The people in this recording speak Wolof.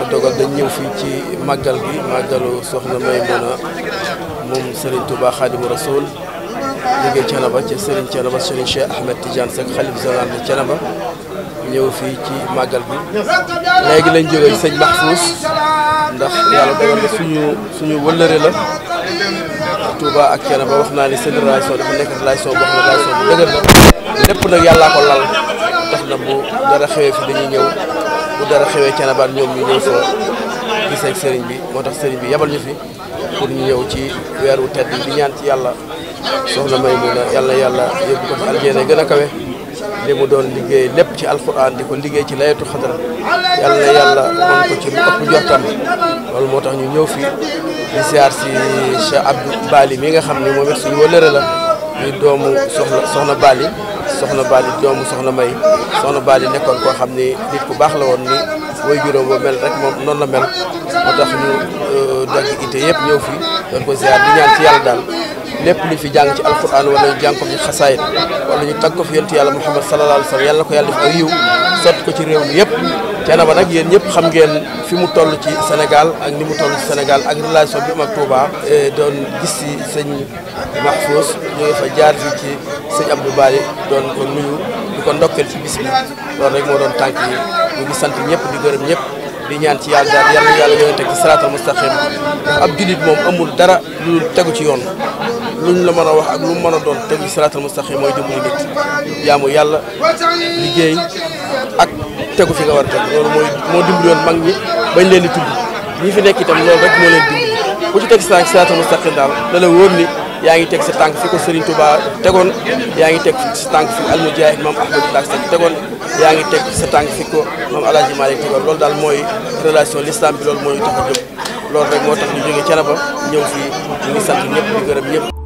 yàlla dogal dañ ñëw fii ci màggal gi màggalu soxna Maymuna moom Serigne Touba Xaadimu Rasuul jógee Thiénaba ci Serigne Thiénaba Serigne Cheikh Ahmed Tidiane Seck xalif général de Thiénaba ñëw fii ci màggal bi léegi lañ jógee sëñ Mahfous ndax yàlla dogal na suñu suñu wëllëre la Touba ak Thiénaba wax naa ni seen relation dafa nekk relation boo xam ne relation bu dëgër la lépp nag yàllaa ko lal tax na bu dara xewee fi dañuy ñëw bu dara xewee Thiénaba ñoom ñu ñëw fa gis ak sëriñ bi moo tax sëriñ bi yabal ñu fi pour ñu ñëw ci weeru tedd bi ñaan ci yàlla soxna Maymuna yàlla yàlla yóbbu gën a kawe li mu doon liggéey lépp ci alquran di ko liggéey ci layatu xadra yàlla na yàlla mën ko ci lu ëpp jottam loolu moo tax ñu ñëw fi di ziar si Cheikh Abdou Bali mi nga xam ne moom it suñu wëlëre la ñuy doomu soxna soxna Bali soxna Bally doomu soxna May soxna Bally nekkoon koo xam ni nit ku baax la woon ni woy juróom boo mel rek moom noonu la mel moo tax ñu euh, dagg ite yëpp ñëw fi doon ko ziar di ñaan ci yàlla daal lépp luñ fi jàng ci alquran wala ñu jàng ko fi xasaayit wala ñu tagg ko fi yontu yàlla Muhammad sallallahu alayhi wa sallam yàlla ko yàlla def ay yiw sotti ko ci réew mi yëpp Thiénaba nag yéen ñëpp xam ngeen fi mu toll ci Sénégal ak ni mu toll ci Sénégal ak relation bi am ak Touba. E, doon gis si sëñ Mahfouz ñu ngi fa jaar fii ci sëñ Abdou Bari doon ko nuyu di ko ndokkeel ci bis bi loolu rek moo doon tànk yi ñu ngi sant ñëpp di gërëm ñëpp di ñaan ci yàlla daal yàlla yàlla yowante ci siraatal mustaqim ab jullit moom amul dara lu tegu ci yoon luñ la mën a wax ak lu mën a doon tegu ci siraatal mustaqim mooy dimbali nit jaamu yàlla liggéey tegu fi nga war loolu mooy moo dimbali woon mag ñi bañ leen di tudd ñi fi nekk itam loolu rek moo leen dimbali ku ci sa daal la wóor ni yaa ngi teg sa tànk fi ko Serigne tegoon yaa ngi teg sa tànk fi almujaahid maam Ahmadou Ndaak tegoon yaa ngi teg sa tànk fi ko maam El Hadj Malick tegoon loolu daal mooy relation l'islam bi mooy tax a jóg loolu rek moo tax ñu jógee Thiénaba ñëw ñu ngi sant ñëpp di ñëpp